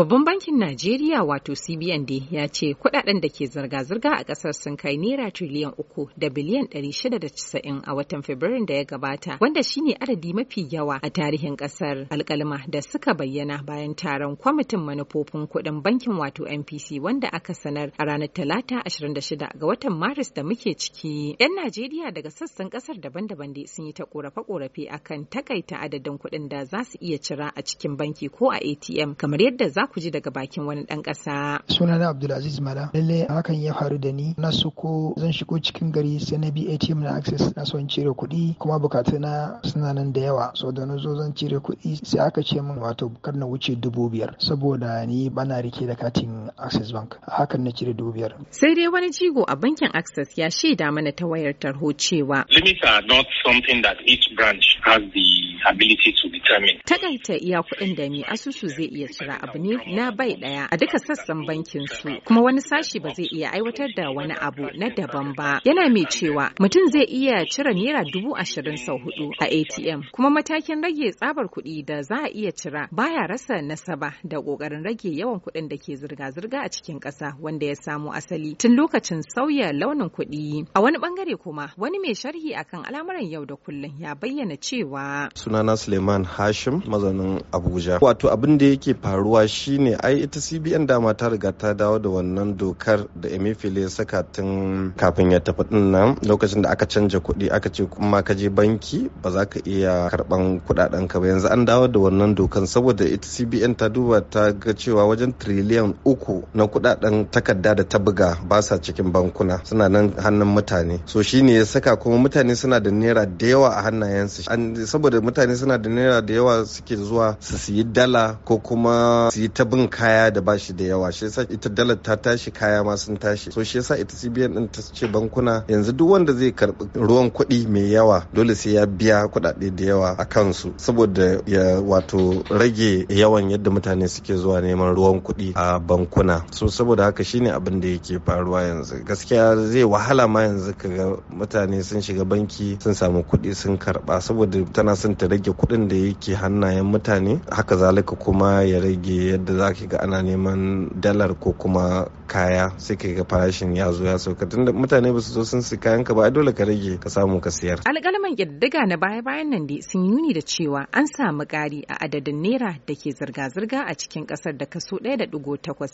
Babban bankin Najeriya wato CBN dai ya ce kuɗaɗen da ke zirga-zirga a ƙasar sun kai naira triliyan uku da biliyan ɗari shida da casa'in a watan Fabrairun da ya gabata wanda shine adadi mafi yawa a tarihin kasar alkalma da suka bayyana bayan taron kwamitin manufofin kuɗin bankin wato NPC wanda aka sanar a ranar Talata 26 ga watan Maris da muke ciki. 'Yan Najeriya daga sassan ƙasar daban-daban dai sun yi ta korafe-korafe akan takaita adadin kuɗin da za su iya cira a cikin banki ko a ATM kamar yadda za ku ji daga bakin wani ɗan ƙasa. Sunana Abdulaziz Mala, lalle hakan ya faru da ni, na suko zan shigo cikin gari sai na bi ATM na access na son cire kuɗi kuma bukatu na suna nan da yawa. So da na zo zan cire kuɗi sai aka ce min wato kar na wuce dubu biyar saboda ni bana rike da katin access bank. Hakan na cire dubu biyar. Sai dai wani jigo a bankin access ya shaida mana ta wayar tarho cewa. Limits are not something that each branch has the ability to determine. Takaita iya kuɗin da mai asusu zai iya cira abu ne na bai ɗaya a duka sassan bankin su kuma wani sashi ba zai iya aiwatar da wani abu na daban ba. Yana mai cewa mutum zai iya cire naira dubu ashirin sau hudu a ATM kuma matakin rage tsabar kuɗi da za a iya cira baya rasa nasaba da ƙoƙarin rage yawan kuɗin da ke zirga-zirga a cikin ƙasa wanda ya samo asali tun lokacin sauya launin kuɗi. A wani bangare kuma wani mai sharhi akan al'amuran yau da kullum ya bayyana cewa. sunana Suleiman Hashim mazanin Abuja. Wato abin da yake faruwa shine ai ita CBN dama ta riga ta dawo da wannan dokar da Emefiele saka tun kafin ya tafi din lokacin da aka canja kuɗi aka ce kuma ka je banki ba za ka iya karban kuɗaɗen ka ba yanzu an dawo da wannan dokan saboda ita CBN ta duba ta ga cewa wajen tiriliyan uku na kuɗaɗen takarda da ta buga ba sa cikin bankuna suna nan hannun mutane so shine ya saka kuma mutane suna da naira da yawa a hannayensu saboda mutane mutane suna da naira da yawa suke zuwa su siyi dala ko kuma su yi ta bin kaya da bashi da yawa shi yasa ita dala ta tashi kaya ma sun tashi so shi yasa ita CBN din ta ce bankuna yanzu duk wanda zai karbi ruwan kuɗi mai yawa dole sai ya biya kuɗaɗe da yawa a kansu saboda ya wato rage yawan yadda mutane suke zuwa neman ruwan kuɗi a bankuna so saboda haka shine abin da yake faruwa yanzu gaskiya zai wahala ma yanzu kaga mutane sun shiga banki sun samu kuɗi sun karba saboda tana son ta rage kuɗin da yake hannayen mutane haka zalika kuma ya rage yadda zaki ga ana neman dalar ko kuma kaya sai ka ga farashin ya zo ya sauka tunda mutane ba su zo sun sika kayan ba dole ka rage ka samu ka siyar alƙalman ƙididdiga na baya bayan nan dai sun yuni da cewa an samu ƙari a adadin naira da ke zirga-zirga a cikin ƙasar da kaso 1.8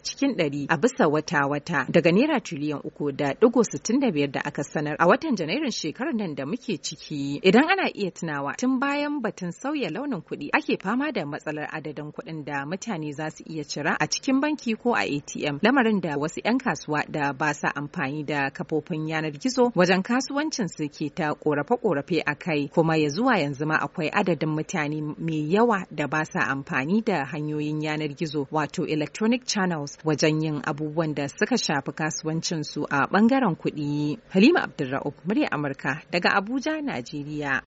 cikin 100 a bisa wata-wata daga naira tiliyan uku da digo 65 da aka sanar a watan janairun shekarar nan da muke ciki idan ana iya tunawa tun bayan batun sauya launin kuɗi ake fama da matsalar adadin kuɗin da mutane za su iya cira a cikin banki ko a ATM lamarin da wasu 'yan kasuwa da ba sa amfani da kafofin yanar gizo wajen kasuwancin su ke ta korafe-korafe a kai kuma ya zuwa yanzu ma akwai adadin mutane mai yawa da ba sa amfani da hanyoyin yanar gizo wato electronic channels wajen yin abubuwan da suka shafi kasuwancin su a bangaren kuɗi. Halima Abdulra'uf, murya Amurka daga Abuja, Najeriya.